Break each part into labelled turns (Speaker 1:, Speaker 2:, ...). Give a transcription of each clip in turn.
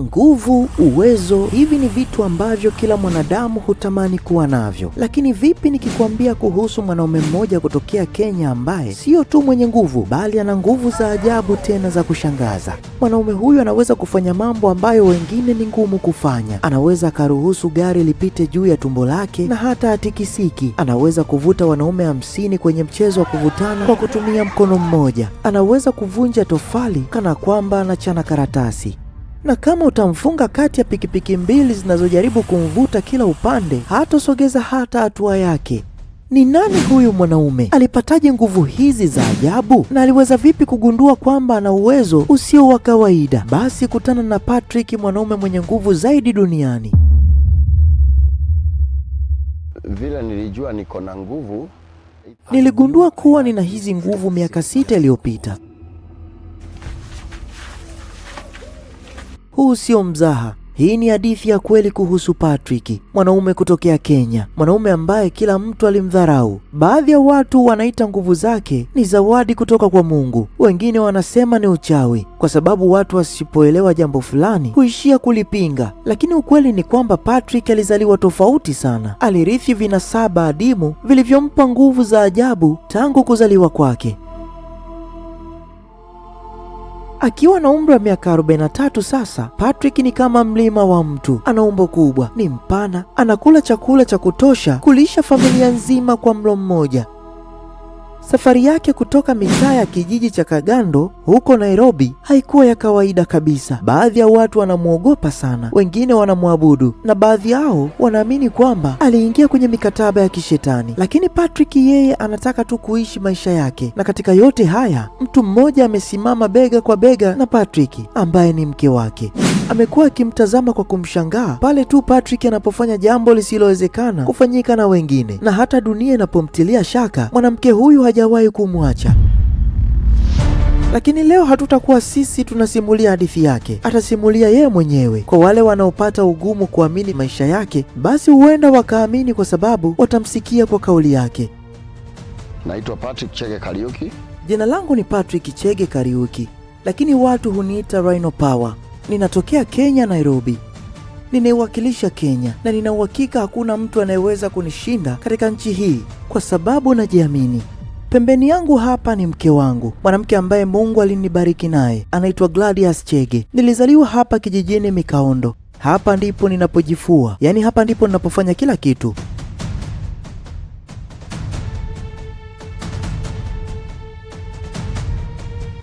Speaker 1: Nguvu, uwezo, hivi ni vitu ambavyo kila mwanadamu hutamani kuwa navyo. Lakini vipi nikikwambia kuhusu mwanaume mmoja kutokea Kenya ambaye sio tu mwenye nguvu, bali ana nguvu za ajabu tena za kushangaza. Mwanaume huyu anaweza kufanya mambo ambayo wengine ni ngumu kufanya. Anaweza akaruhusu gari lipite juu ya tumbo lake na hata atikisiki. Anaweza kuvuta wanaume hamsini kwenye mchezo wa kuvutana kwa kutumia mkono mmoja. Anaweza kuvunja tofali kana kwamba anachana karatasi na kama utamfunga kati ya pikipiki mbili zinazojaribu kumvuta kila upande, hatosogeza hata hatua yake. Ni nani huyu mwanaume? Alipataje nguvu hizi za ajabu? Na aliweza vipi kugundua kwamba ana uwezo usio wa kawaida? Basi kutana na Patrick, mwanaume mwenye nguvu zaidi duniani. Vile nilijua niko na nguvu,
Speaker 2: niligundua kuwa nina hizi nguvu miaka sita iliyopita. Huu sio mzaha. Hii ni hadithi ya kweli kuhusu Patrick, mwanaume kutokea Kenya, mwanaume ambaye kila mtu alimdharau. Baadhi ya watu wanaita nguvu zake ni zawadi kutoka kwa Mungu, wengine wanasema ni uchawi, kwa sababu watu wasipoelewa jambo fulani huishia kulipinga. Lakini ukweli ni kwamba Patrick alizaliwa tofauti sana. Alirithi vinasaba adimu vilivyompa nguvu za ajabu tangu kuzaliwa kwake. Akiwa na umri wa miaka 43 sasa, Patrick ni kama mlima wa mtu. Ana umbo kubwa, ni mpana, anakula chakula cha kutosha kulisha familia nzima kwa mlo mmoja. Safari yake kutoka mitaa ya kijiji cha Kagando huko Nairobi haikuwa ya kawaida kabisa. Baadhi ya watu wanamwogopa sana, wengine wanamwabudu na baadhi yao wanaamini kwamba aliingia kwenye mikataba ya kishetani. Lakini Patrick yeye anataka tu kuishi maisha yake, na katika yote haya mtu mmoja amesimama bega kwa bega na Patrick ambaye ni mke wake. Amekuwa akimtazama kwa kumshangaa pale tu Patrick anapofanya jambo lisilowezekana kufanyika na wengine, na hata dunia inapomtilia shaka mwanamke huyu hajawahi kumwacha. Lakini leo hatutakuwa sisi tunasimulia hadithi yake, atasimulia yeye mwenyewe. Kwa wale wanaopata ugumu kuamini maisha yake, basi huenda wakaamini kwa sababu watamsikia kwa kauli yake.
Speaker 1: Naitwa Patrick Chege Kariuki.
Speaker 2: Jina langu ni Patrick Chege Kariuki, lakini watu huniita Rhino Power. Ninatokea Kenya, Nairobi. Ninaiwakilisha Kenya na nina uhakika hakuna mtu anayeweza kunishinda katika nchi hii kwa sababu najiamini. Pembeni yangu hapa ni mke wangu, mwanamke ambaye Mungu alinibariki naye, anaitwa Gladius Chege. Nilizaliwa hapa kijijini Mikaondo. Hapa ndipo ninapojifua, yaani hapa ndipo ninapofanya kila kitu.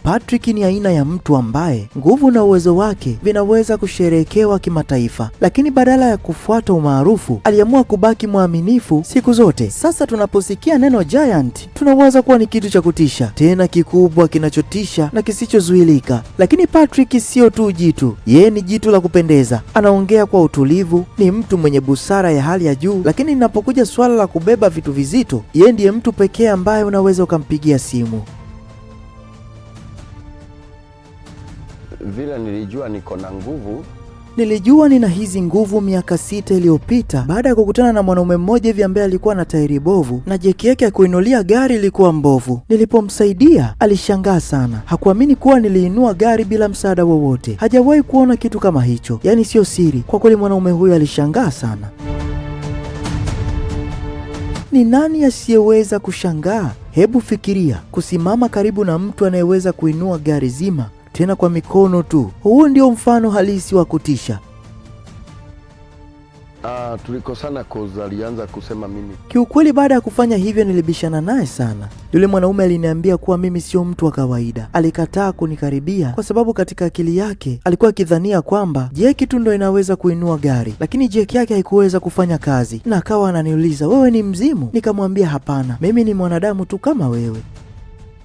Speaker 2: Patrick ni aina ya mtu ambaye nguvu na uwezo wake vinaweza kusherehekewa kimataifa, lakini badala ya kufuata umaarufu aliamua kubaki mwaminifu siku zote. Sasa tunaposikia neno Giant tunawaza kuwa ni kitu cha kutisha, tena kikubwa, kinachotisha na kisichozuilika. Lakini Patrick sio tu jitu, yeye ni jitu la kupendeza. Anaongea kwa utulivu, ni mtu mwenye busara ya hali ya juu, lakini inapokuja suala la kubeba vitu vizito, yeye ndiye mtu pekee ambaye unaweza ukampigia simu.
Speaker 1: vile nilijua niko na nguvu
Speaker 2: Nilijua nina hizi nguvu miaka sita iliyopita baada ya kukutana na mwanaume mmoja hivi ambaye alikuwa na tairi bovu na jeki yake ya kuinulia gari ilikuwa mbovu. Nilipomsaidia alishangaa sana, hakuamini kuwa niliinua gari bila msaada wowote. Hajawahi kuona kitu kama hicho, yaani siyo siri. Kwa kweli mwanaume huyo alishangaa sana. Ni nani asiyeweza kushangaa? Hebu fikiria kusimama karibu na mtu anayeweza kuinua gari zima tena kwa mikono tu. huu ndio mfano halisi wa kutisha.
Speaker 1: Uh, tulikosana koza alianza kusema mimi.
Speaker 2: Kiukweli baada ya kufanya hivyo nilibishana naye sana. Yule mwanaume aliniambia kuwa mimi sio mtu wa kawaida. Alikataa kunikaribia kwa sababu katika akili yake alikuwa akidhania kwamba jeki tu ndo inaweza kuinua gari, lakini jeki yake haikuweza kufanya kazi, na akawa ananiuliza wewe ni mzimu? Nikamwambia hapana, mimi ni mwanadamu tu kama wewe.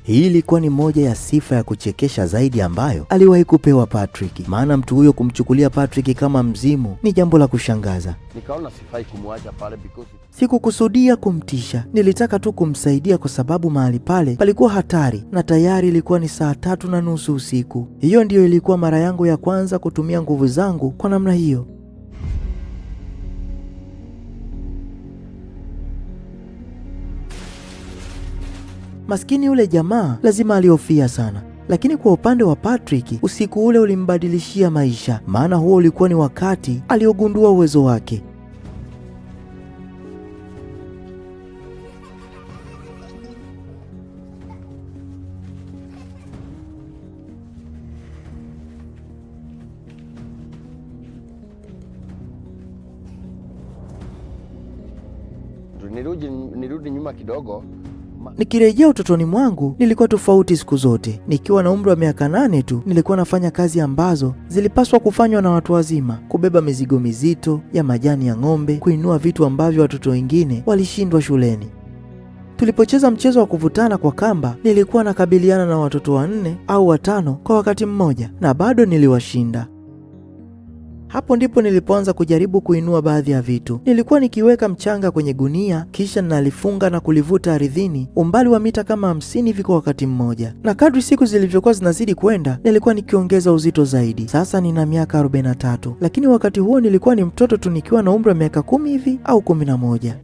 Speaker 2: Hii ilikuwa ni moja ya sifa ya kuchekesha zaidi ambayo aliwahi kupewa Patrick, maana mtu huyo kumchukulia Patrick kama mzimu ni jambo la kushangaza.
Speaker 1: Nikaona sifai kumwacha pale because...
Speaker 2: sikukusudia kumtisha, nilitaka tu kumsaidia kwa sababu mahali pale palikuwa hatari na tayari ilikuwa ni saa tatu na nusu usiku. Hiyo ndiyo ilikuwa mara yangu ya kwanza kutumia nguvu zangu kwa namna hiyo. Maskini yule jamaa lazima alihofia sana, lakini kwa upande wa Patrick usiku ule ulimbadilishia maisha, maana huo ulikuwa ni wakati aliogundua uwezo wake.
Speaker 1: Nirudi, nirudi nyuma kidogo.
Speaker 2: Nikirejea utotoni mwangu, nilikuwa tofauti siku zote. Nikiwa na umri wa miaka nane tu nilikuwa nafanya kazi ambazo zilipaswa kufanywa na watu wazima, kubeba mizigo mizito ya majani ya ng'ombe, kuinua vitu ambavyo watoto wengine walishindwa shuleni. Tulipocheza mchezo wa kuvutana kwa kamba, nilikuwa nakabiliana na watoto wanne au watano kwa wakati mmoja na bado niliwashinda. Hapo ndipo nilipoanza kujaribu kuinua baadhi ya vitu. Nilikuwa nikiweka mchanga kwenye gunia, kisha nalifunga na kulivuta ardhini umbali wa mita kama hamsini hivi kwa wakati mmoja, na kadri siku zilivyokuwa zinazidi kwenda, nilikuwa nikiongeza uzito zaidi. Sasa nina miaka 43, lakini wakati huo nilikuwa ni mtoto tu, nikiwa na umri wa miaka kumi hivi au kumi na moja.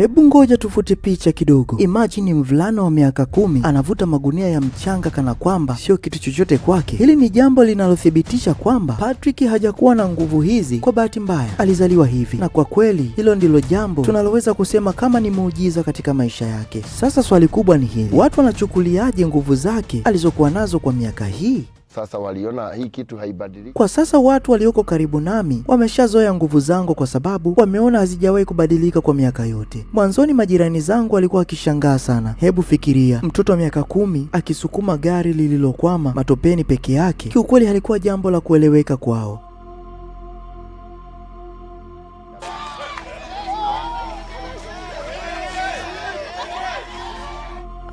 Speaker 2: Hebu ngoja tufute picha kidogo. Imajini mvulana wa miaka kumi anavuta magunia ya mchanga kana kwamba sio kitu chochote kwake. Hili ni jambo linalothibitisha kwamba Patrick hajakuwa na nguvu hizi kwa bahati mbaya, alizaliwa hivi, na kwa kweli hilo ndilo jambo tunaloweza kusema kama ni muujiza katika maisha yake. Sasa swali kubwa ni hili, watu wanachukuliaje nguvu zake alizokuwa nazo kwa miaka hii?
Speaker 1: Sasa waliona hii kitu haibadiliki.
Speaker 2: Kwa sasa watu walioko karibu nami wameshazoea nguvu zangu, kwa sababu wameona hazijawahi kubadilika kwa miaka yote. Mwanzoni majirani zangu walikuwa wakishangaa sana. Hebu fikiria mtoto wa miaka kumi akisukuma gari lililokwama matopeni peke yake, kiukweli halikuwa jambo la kueleweka kwao.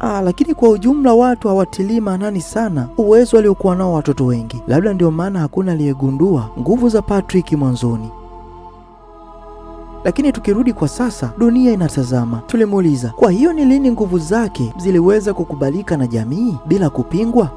Speaker 2: Aa, ah, lakini kwa ujumla watu hawatilii maanani sana uwezo aliokuwa nao watoto wengi, labda ndio maana hakuna aliyegundua nguvu za Patrick mwanzoni. Lakini tukirudi kwa sasa, dunia inatazama. Tulimuuliza, kwa hiyo ni lini nguvu zake ziliweza kukubalika na jamii bila kupingwa?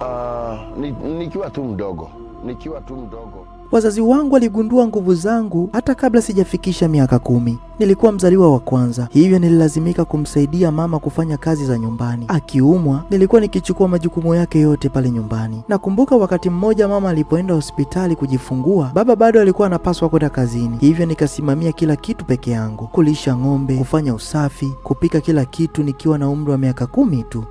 Speaker 1: Uh, nikiwa ni tu mdogo, nikiwa tu mdogo.
Speaker 2: Wazazi wangu waligundua nguvu zangu hata kabla sijafikisha miaka kumi. Nilikuwa mzaliwa wa kwanza, hivyo nililazimika kumsaidia mama kufanya kazi za nyumbani. Akiumwa, nilikuwa nikichukua majukumu yake yote pale nyumbani. Nakumbuka wakati mmoja mama alipoenda hospitali kujifungua, baba bado alikuwa anapaswa kwenda kazini, hivyo nikasimamia kila kitu peke yangu: kulisha ng'ombe, kufanya usafi, kupika, kila kitu nikiwa na umri wa miaka kumi tu.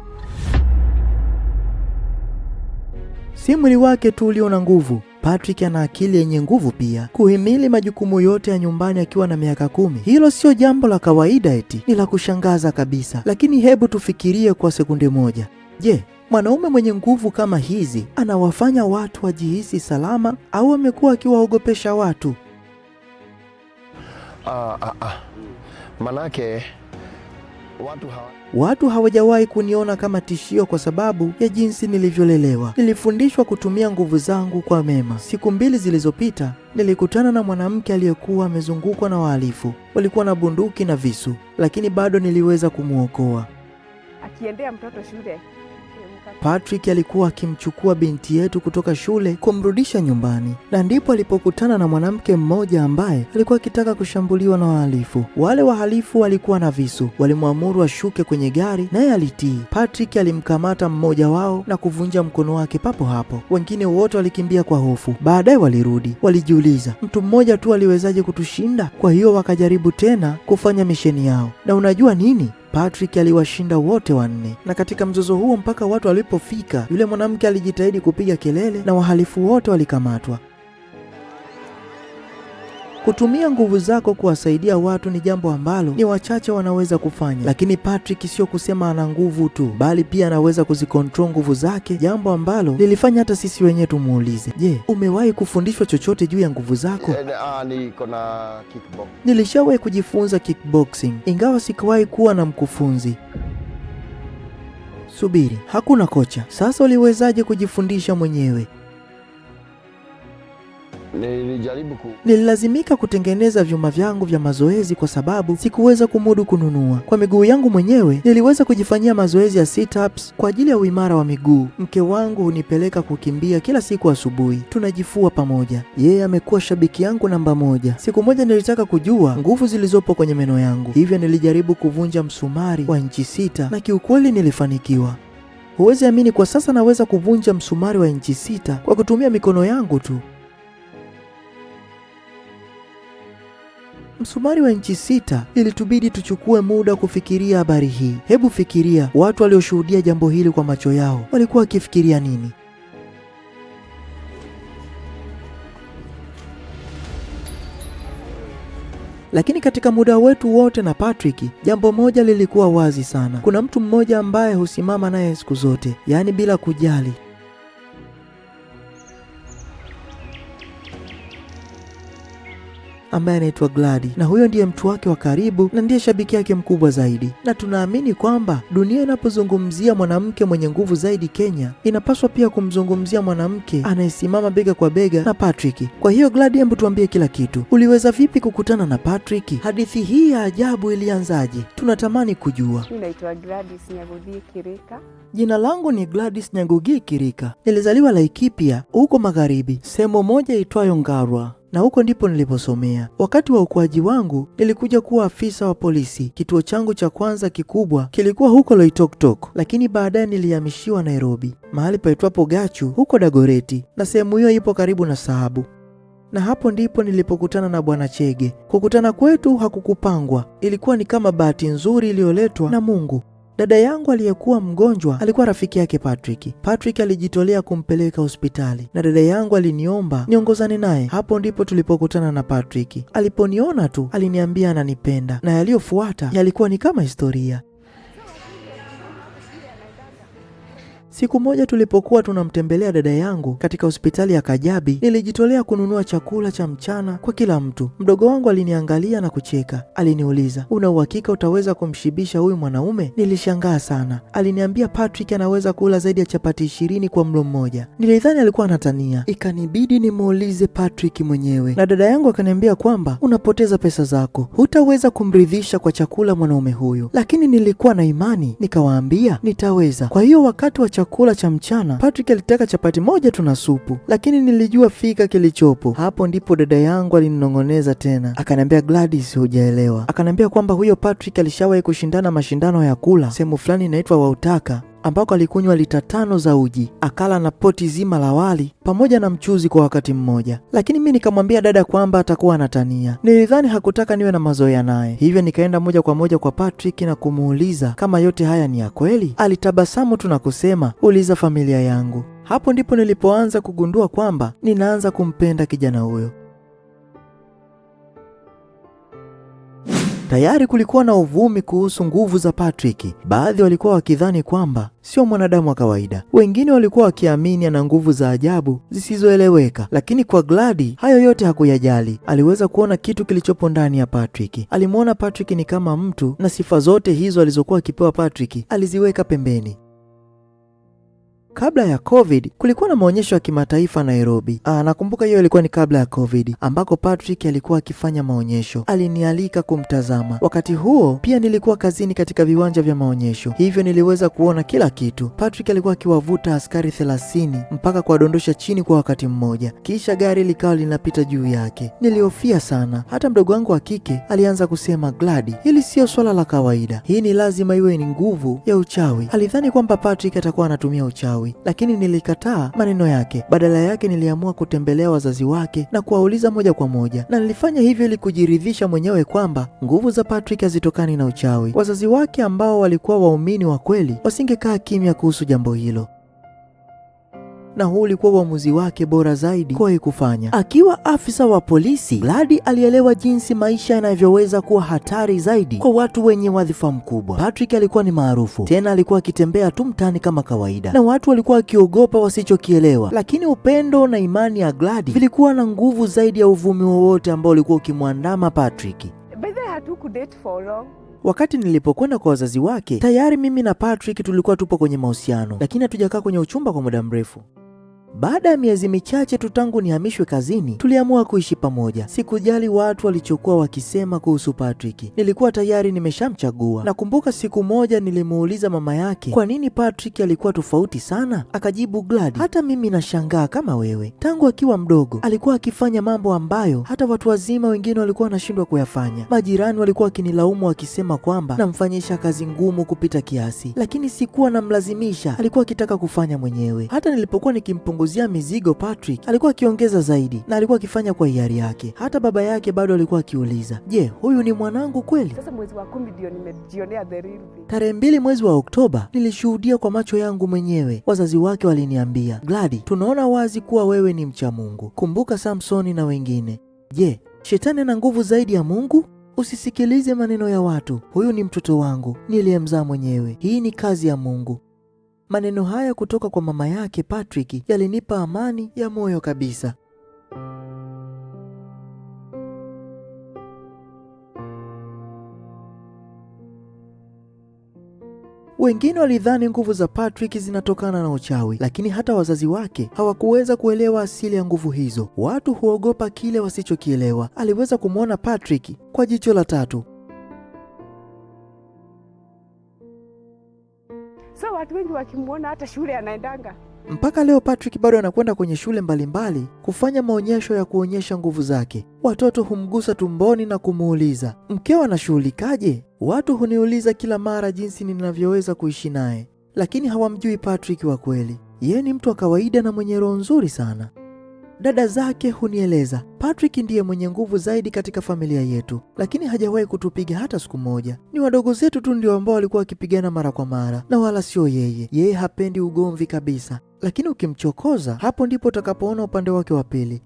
Speaker 2: Si mwili wake tu ulio na nguvu Patrick ana akili yenye nguvu pia, kuhimili majukumu yote ya nyumbani akiwa na miaka kumi. Hilo sio jambo la kawaida, eti ni la kushangaza kabisa. Lakini hebu tufikirie kwa sekunde moja. Je, mwanaume mwenye nguvu kama hizi anawafanya watu wajihisi salama au amekuwa akiwaogopesha watu?
Speaker 1: Uh, uh, uh. Manake
Speaker 2: watu hawa Watu hawajawahi kuniona kama tishio kwa sababu ya jinsi nilivyolelewa. Nilifundishwa kutumia nguvu zangu kwa mema. Siku mbili zilizopita nilikutana na mwanamke aliyekuwa amezungukwa na wahalifu, walikuwa na bunduki na visu, lakini bado niliweza kumwokoa akiendea mtoto shule Patrick alikuwa akimchukua binti yetu kutoka shule kumrudisha nyumbani, na ndipo alipokutana na mwanamke mmoja ambaye alikuwa akitaka kushambuliwa na wahalifu. Wale wahalifu walikuwa na visu, walimwamuru ashuke kwenye gari, naye alitii. Patrick alimkamata mmoja wao na kuvunja mkono wake papo hapo. Wengine wote walikimbia kwa hofu. Baadaye walirudi, walijiuliza mtu mmoja tu aliwezaje kutushinda? Kwa hiyo wakajaribu tena kufanya misheni yao, na unajua nini? Patrick aliwashinda wote wanne, na katika mzozo huo mpaka watu walipofika, yule mwanamke alijitahidi kupiga kelele na wahalifu wote walikamatwa. Kutumia nguvu zako kuwasaidia watu ni jambo ambalo ni wachache wanaweza kufanya, lakini Patrick sio kusema ana nguvu tu, bali pia anaweza kuzikontrol nguvu zake, jambo ambalo lilifanya hata sisi wenyewe tumuulize, je, umewahi kufundishwa chochote juu ya nguvu zako?
Speaker 1: Eh, ah,
Speaker 2: Nilishawahi kujifunza kickboxing, ingawa sikuwahi kuwa na mkufunzi. Subiri, hakuna kocha. Sasa uliwezaje kujifundisha mwenyewe?
Speaker 1: nilijaribu ku...
Speaker 2: nililazimika kutengeneza vyuma vyangu vya mazoezi kwa sababu sikuweza kumudu kununua. Kwa miguu yangu mwenyewe niliweza kujifanyia mazoezi ya sit-ups kwa ajili ya uimara wa miguu. Mke wangu hunipeleka kukimbia kila siku asubuhi, tunajifua pamoja. Yeye amekuwa shabiki yangu namba moja. Siku moja nilitaka kujua nguvu zilizopo kwenye meno yangu, hivyo nilijaribu kuvunja msumari wa inchi sita na kiukweli nilifanikiwa. Huwezi amini, kwa sasa naweza kuvunja msumari wa inchi sita kwa kutumia mikono yangu tu. msumari wa nchi sita, ilitubidi tuchukue muda kufikiria habari hii. Hebu fikiria watu walioshuhudia jambo hili kwa macho yao walikuwa wakifikiria nini? Lakini katika muda wetu wote na Patrick, jambo moja lilikuwa wazi sana. Kuna mtu mmoja ambaye husimama naye siku zote, yaani bila kujali ambaye anaitwa Gladi, na huyo ndiye mtu wake wa karibu na ndiye shabiki yake mkubwa zaidi, na tunaamini kwamba dunia inapozungumzia mwanamke mwenye nguvu zaidi Kenya, inapaswa pia kumzungumzia mwanamke anayesimama bega kwa bega na Patrick. Kwa hiyo Gladi, hebu tuambie kila kitu, uliweza vipi kukutana na Patrick? Hadithi hii ya ajabu ilianzaje? Tunatamani kujua.
Speaker 3: Naitwa Gladys Kirika.
Speaker 2: Jina langu ni Gladys Nyagugi Kirika. Nilizaliwa Laikipia huko magharibi, sehemu moja itwayo Ngarwa na huko ndipo niliposomea. Wakati wa ukuaji wangu nilikuja kuwa afisa wa polisi. Kituo changu cha kwanza kikubwa kilikuwa huko Loitoktok, lakini baadaye nilihamishiwa Nairobi, mahali paitwapo Gachu huko Dagoreti, na sehemu hiyo ipo karibu na Sahabu na hapo ndipo nilipokutana na Bwana Chege. Kukutana kwetu hakukupangwa, ilikuwa ni kama bahati nzuri iliyoletwa na Mungu. Dada yangu aliyekuwa mgonjwa alikuwa rafiki yake Patrick. Patrick alijitolea kumpeleka hospitali na dada yangu aliniomba niongozane naye. Hapo ndipo tulipokutana na Patrick. Aliponiona tu aliniambia ananipenda, na yaliyofuata yalikuwa ni kama historia. Siku moja tulipokuwa tunamtembelea dada yangu katika hospitali ya Kajabi, nilijitolea kununua chakula cha mchana kwa kila mtu. Mdogo wangu aliniangalia na kucheka. Aliniuliza, una uhakika utaweza kumshibisha huyu mwanaume? Nilishangaa sana. Aliniambia Patrick anaweza kula zaidi ya chapati ishirini kwa mlo mmoja. Nilidhani alikuwa anatania, ikanibidi nimuulize Patrick mwenyewe, na dada yangu akaniambia kwamba unapoteza pesa zako, hutaweza kumridhisha kwa chakula mwanaume huyu. Lakini nilikuwa na imani, nikawaambia nitaweza. Kwa hiyo wakati wa chakula cha mchana, Patrick alitaka chapati moja tu na supu, lakini nilijua fika kilichopo. Hapo ndipo dada yangu alininong'oneza tena, akaniambia Gladys, hujaelewa. Akaniambia kwamba huyo Patrick alishawahi kushindana mashindano ya kula sehemu fulani inaitwa Wautaka ambako alikunywa lita tano za uji, akala na poti zima la wali pamoja na mchuzi kwa wakati mmoja. Lakini mimi nikamwambia dada kwamba atakuwa anatania. Nilidhani hakutaka niwe na mazoea naye, hivyo nikaenda moja kwa moja kwa Patrick na kumuuliza kama yote haya ni ya kweli. Alitabasamu tu na kusema, uliza familia yangu. Hapo ndipo nilipoanza kugundua kwamba ninaanza kumpenda kijana huyo. Tayari kulikuwa na uvumi kuhusu nguvu za Patrick. Baadhi walikuwa wakidhani kwamba sio mwanadamu wa kawaida, wengine walikuwa wakiamini ana nguvu za ajabu zisizoeleweka. Lakini kwa Gladi hayo yote hakuyajali. Aliweza kuona kitu kilichopo ndani ya Patrick. Alimwona Patrick ni kama mtu, na sifa zote hizo alizokuwa akipewa Patrick aliziweka pembeni. Kabla ya COVID kulikuwa na maonyesho ya kimataifa Nairobi. Aa, ah, nakumbuka hiyo ilikuwa ni kabla ya COVID ambako Patrick alikuwa akifanya maonyesho, alinialika kumtazama. Wakati huo pia nilikuwa kazini katika viwanja vya maonyesho, hivyo niliweza kuona kila kitu. Patrick alikuwa akiwavuta askari 30 mpaka kuwadondosha chini kwa wakati mmoja, kisha gari likawa linapita juu yake. Nilihofia sana, hata mdogo wangu wa kike alianza kusema, Gladi, hili siyo swala la kawaida, hii ni lazima iwe ni nguvu ya uchawi. Alidhani kwamba Patrick atakuwa anatumia uchawi Malawi, lakini nilikataa maneno yake. Badala yake niliamua kutembelea wazazi wake na kuwauliza moja kwa moja, na nilifanya hivyo ili kujiridhisha mwenyewe kwamba nguvu za Patrick hazitokani na uchawi. Wazazi wake ambao walikuwa waumini wa kweli wasingekaa kimya kuhusu jambo hilo na huu ulikuwa uamuzi wake bora zaidi kuwahi kufanya. Akiwa afisa wa polisi, Gladi alielewa jinsi maisha yanavyoweza kuwa hatari zaidi kwa watu wenye wadhifa mkubwa. Patrick alikuwa ni maarufu tena, alikuwa akitembea tu mtaani kama kawaida, na watu walikuwa wakiogopa wasichokielewa, lakini upendo na imani ya Gladi vilikuwa na nguvu zaidi ya uvumi wowote ambao ulikuwa ukimwandama Patrick. Wakati nilipokwenda kwa wazazi wake, tayari mimi na Patrick tulikuwa tupo kwenye mahusiano, lakini hatujakaa kwenye uchumba kwa muda mrefu. Baada ya miezi michache tu tangu nihamishwe kazini, tuliamua kuishi pamoja. Sikujali watu walichokuwa wakisema kuhusu Patrick, nilikuwa tayari nimeshamchagua. Nakumbuka siku moja nilimuuliza mama yake kwa nini Patrick alikuwa tofauti sana, akajibu Glad, hata mimi nashangaa kama wewe. Tangu akiwa mdogo alikuwa akifanya mambo ambayo hata watu wazima wengine walikuwa wanashindwa kuyafanya. Majirani walikuwa wakinilaumu wakisema kwamba namfanyisha kazi ngumu kupita kiasi, lakini sikuwa namlazimisha, alikuwa akitaka kufanya mwenyewe. Hata nilipokuwa nikimpungu kumwambuzia mizigo Patrick alikuwa akiongeza zaidi na alikuwa akifanya kwa hiari yake. Hata baba yake bado alikuwa akiuliza, je, huyu ni mwanangu kweli?
Speaker 3: Sasa mwezi wa kumi ndio nimejionea the real thing.
Speaker 2: Tarehe mbili mwezi wa Oktoba nilishuhudia kwa macho yangu mwenyewe. Wazazi wake waliniambia, Gladi, tunaona wazi kuwa wewe ni mcha Mungu. Kumbuka Samsoni na wengine. Je, shetani ana nguvu zaidi ya Mungu? Usisikilize maneno ya watu. Huyu ni mtoto wangu niliyemzaa mwenyewe. Hii ni kazi ya Mungu. Maneno haya kutoka kwa mama yake Patrick yalinipa amani ya moyo kabisa. Wengine walidhani nguvu za Patrick zinatokana na uchawi, lakini hata wazazi wake hawakuweza kuelewa asili ya nguvu hizo. Watu huogopa kile wasichokielewa. Aliweza kumwona Patrick kwa jicho la tatu,
Speaker 3: watu wengi wakimwona hata shule anaendanga.
Speaker 2: Mpaka leo Patrick bado anakwenda kwenye shule mbalimbali mbali, kufanya maonyesho ya kuonyesha nguvu zake. Watoto humgusa tumboni na kumuuliza mkeo anashughulikaje. Watu huniuliza kila mara jinsi ninavyoweza kuishi naye, lakini hawamjui Patrick wa kweli. Yeye ni mtu wa kawaida na mwenye roho nzuri sana. Dada zake hunieleza Patrick ndiye mwenye nguvu zaidi katika familia yetu, lakini hajawahi kutupiga hata siku moja. Ni wadogo zetu tu ndio ambao walikuwa wakipigana mara kwa mara, na wala sio yeye. Yeye hapendi ugomvi kabisa, lakini ukimchokoza, hapo ndipo utakapoona upande wake wa pili.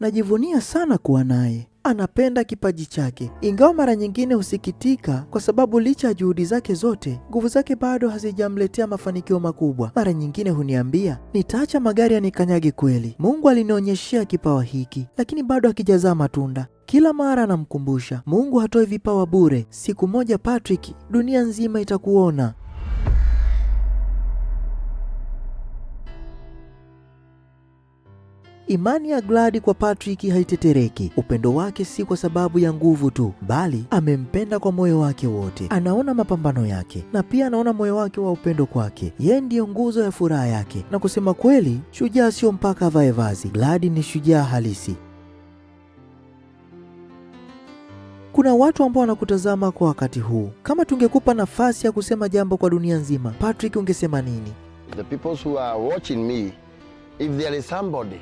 Speaker 2: Najivunia sana kuwa naye anapenda kipaji chake, ingawa mara nyingine husikitika kwa sababu licha ya juhudi zake zote, nguvu zake bado hazijamletea mafanikio makubwa. Mara nyingine huniambia nitaacha magari yanikanyage. Kweli Mungu alinionyeshea kipawa hiki, lakini bado hakijazaa matunda. Kila mara anamkumbusha Mungu hatoi vipawa bure. Siku moja Patrick, dunia nzima itakuona. Imani ya Gladi kwa Patrick haitetereki. Upendo wake si kwa sababu ya nguvu tu, bali amempenda kwa moyo wake wote. Anaona mapambano yake na pia anaona moyo wake wa upendo kwake. Yeye ndiyo nguzo ya furaha yake, na kusema kweli, shujaa sio mpaka avae vazi. Gladi ni shujaa halisi. Kuna watu ambao wanakutazama kwa wakati huu. Kama tungekupa nafasi ya kusema jambo kwa dunia nzima, Patrick, ungesema nini?
Speaker 1: The people who are watching me, if there is somebody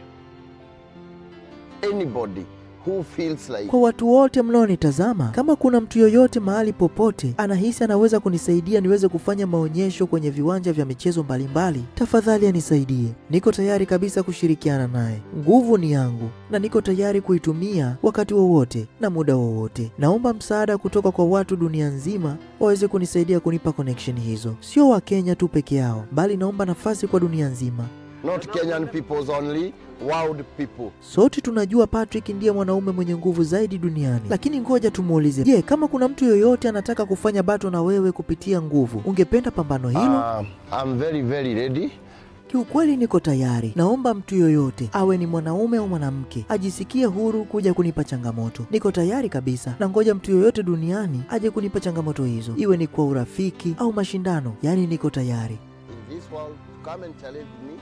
Speaker 1: anybody Who feels like...
Speaker 2: kwa watu wote mnaonitazama kama kuna mtu yoyote mahali popote anahisi anaweza kunisaidia niweze kufanya maonyesho kwenye viwanja vya michezo mbalimbali, tafadhali anisaidie. Niko tayari kabisa kushirikiana naye, nguvu ni yangu na niko tayari kuitumia wakati wowote wa na muda wowote. Naomba msaada kutoka kwa watu dunia nzima waweze kunisaidia kunipa connection hizo, sio Wakenya tu peke yao, bali naomba nafasi kwa dunia nzima
Speaker 1: not Kenyan peoples only, world people.
Speaker 2: Sote tunajua Patrick ndiye mwanaume mwenye nguvu zaidi duniani, lakini ngoja tumuulize, je, kama kuna mtu yoyote anataka kufanya bato na wewe kupitia nguvu, ungependa pambano
Speaker 1: hilo? Uh, I'm very, very ready.
Speaker 2: Kiukweli niko tayari. Naomba mtu yoyote awe ni mwanaume au mwanamke ajisikie huru kuja kunipa changamoto. Niko tayari kabisa, na ngoja mtu yoyote duniani aje kunipa changamoto hizo, iwe ni kwa urafiki au mashindano, yaani niko tayari.
Speaker 1: In this world, come and challenge me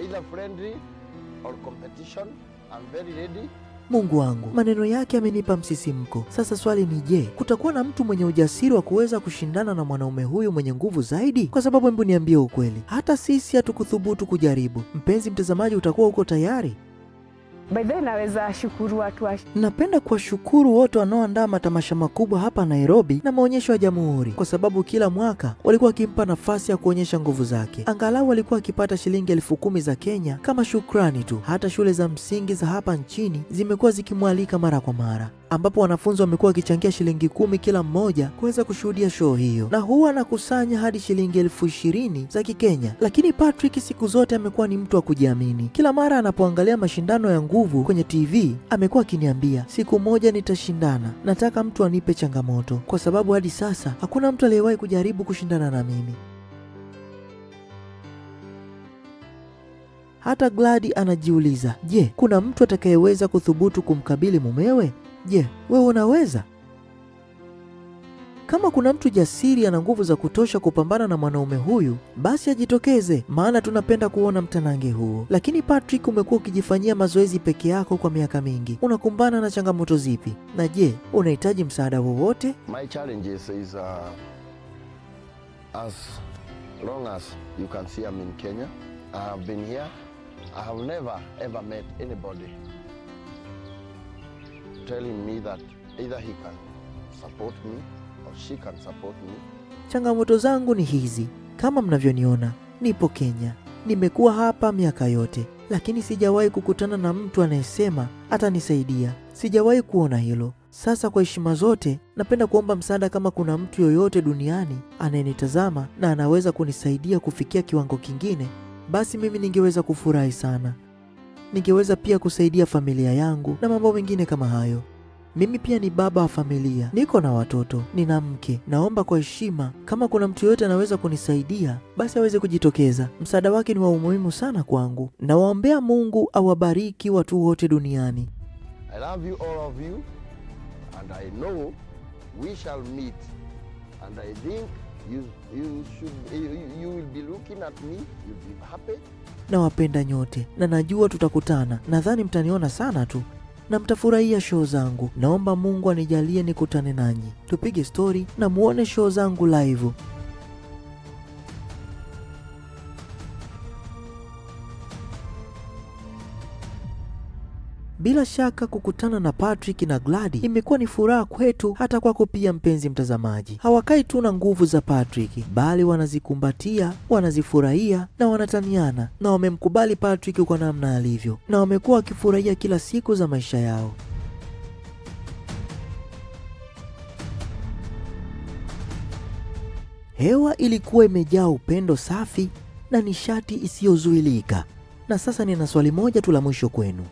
Speaker 1: either friendly or competition. I'm very ready.
Speaker 2: Mungu wangu, maneno yake amenipa msisimko. Sasa swali ni je, kutakuwa na mtu mwenye ujasiri wa kuweza kushindana na mwanaume huyu mwenye nguvu zaidi? Kwa sababu, hebu niambie ukweli, hata sisi hatukuthubutu kujaribu. Mpenzi mtazamaji, utakuwa uko tayari?
Speaker 3: By the naweza shukuru watu wa...
Speaker 2: Napenda kuwashukuru wote wanaoandaa matamasha makubwa hapa Nairobi na maonyesho ya Jamhuri, kwa sababu kila mwaka walikuwa wakimpa nafasi ya kuonyesha nguvu zake. Angalau walikuwa akipata shilingi elfu kumi za Kenya kama shukrani tu. Hata shule za msingi za hapa nchini zimekuwa zikimwalika mara kwa mara ambapo wanafunzi wamekuwa wakichangia shilingi kumi kila mmoja kuweza kushuhudia shoo hiyo, na huwa anakusanya hadi shilingi elfu ishirini za Kikenya. Lakini Patrick siku zote amekuwa ni mtu wa kujiamini. Kila mara anapoangalia mashindano ya nguvu nguvu kwenye TV amekuwa akiniambia siku moja nitashindana, nataka mtu anipe changamoto, kwa sababu hadi sasa hakuna mtu aliyewahi kujaribu kushindana na mimi. Hata Gladi anajiuliza, je, kuna mtu atakayeweza kuthubutu kumkabili mumewe? Je, wewe unaweza? Kama kuna mtu jasiri ana nguvu za kutosha kupambana na mwanaume huyu, basi ajitokeze, maana tunapenda kuona mtanange huo. Lakini Patrick, umekuwa ukijifanyia mazoezi peke yako kwa miaka mingi, unakumbana na changamoto zipi? Na je, unahitaji msaada wowote?
Speaker 1: Telling me that either he can support me she can support me.
Speaker 2: Changamoto zangu ni hizi, kama mnavyoniona, nipo Kenya, nimekuwa hapa miaka yote, lakini sijawahi kukutana na mtu anayesema atanisaidia. Sijawahi kuona hilo. Sasa kwa heshima zote, napenda kuomba msaada kama kuna mtu yoyote duniani anayenitazama na anaweza kunisaidia kufikia kiwango kingine, basi mimi ningeweza kufurahi sana. Ningeweza pia kusaidia familia yangu na mambo mengine kama hayo. Mimi pia ni baba wa familia, niko na watoto, nina mke. Naomba kwa heshima, kama kuna mtu yoyote anaweza kunisaidia basi aweze kujitokeza. Msaada wake ni wa umuhimu sana kwangu. Nawaombea Mungu awabariki watu wote duniani.
Speaker 1: I love you all of you and I know we shall meet and I think you, you should, you, you will be looking at me, you'll be happy.
Speaker 2: Nawapenda nyote na najua tutakutana. Nadhani mtaniona sana tu na mtafurahia show zangu. Naomba Mungu anijalie nikutane nanyi, tupige stori na muone show zangu live. Bila shaka kukutana na Patrick na Gladi imekuwa ni furaha kwetu, hata kwako pia, mpenzi mtazamaji. Hawakai tu na nguvu za Patrick, bali wanazikumbatia, wanazifurahia na wanataniana, na wamemkubali Patrick kwa namna alivyo, na wamekuwa wakifurahia kila siku za maisha yao. Hewa ilikuwa imejaa upendo safi na nishati isiyozuilika. Na sasa nina swali moja tu la mwisho kwenu.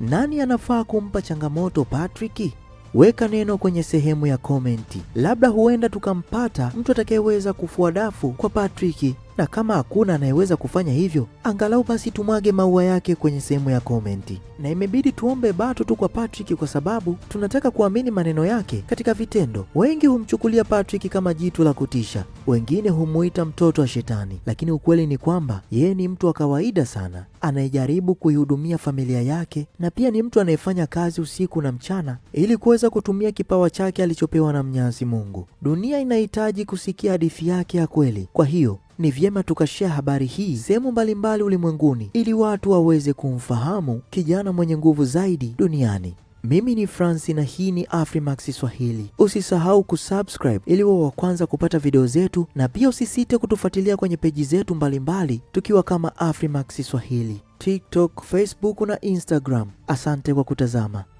Speaker 2: Nani anafaa kumpa changamoto Patrick? Weka neno kwenye sehemu ya komenti, labda huenda tukampata mtu atakayeweza kufua dafu kwa Patrick na kama hakuna anayeweza kufanya hivyo, angalau basi tumwage maua yake kwenye sehemu ya komenti. Na imebidi tuombe bato tu kwa Patrick kwa sababu tunataka kuamini maneno yake katika vitendo. Wengi humchukulia Patrick kama jitu la kutisha, wengine humuita mtoto wa shetani, lakini ukweli ni kwamba yeye ni mtu wa kawaida sana anayejaribu kuihudumia familia yake, na pia ni mtu anayefanya kazi usiku na mchana ili kuweza kutumia kipawa chake alichopewa na Mwenyezi Mungu. Dunia inahitaji kusikia hadithi yake ya kweli. Kwa hiyo ni vyema tukashea habari hii sehemu mbalimbali ulimwenguni ili watu waweze kumfahamu kijana mwenye nguvu zaidi duniani. Mimi ni Franci na hii ni Afrimax Swahili. Usisahau kusubscribe ili wa kwanza kupata video zetu, na pia usisite kutufuatilia kwenye peji zetu mbalimbali mbali, tukiwa kama Afrimax Swahili TikTok, Facebook na Instagram. Asante kwa kutazama.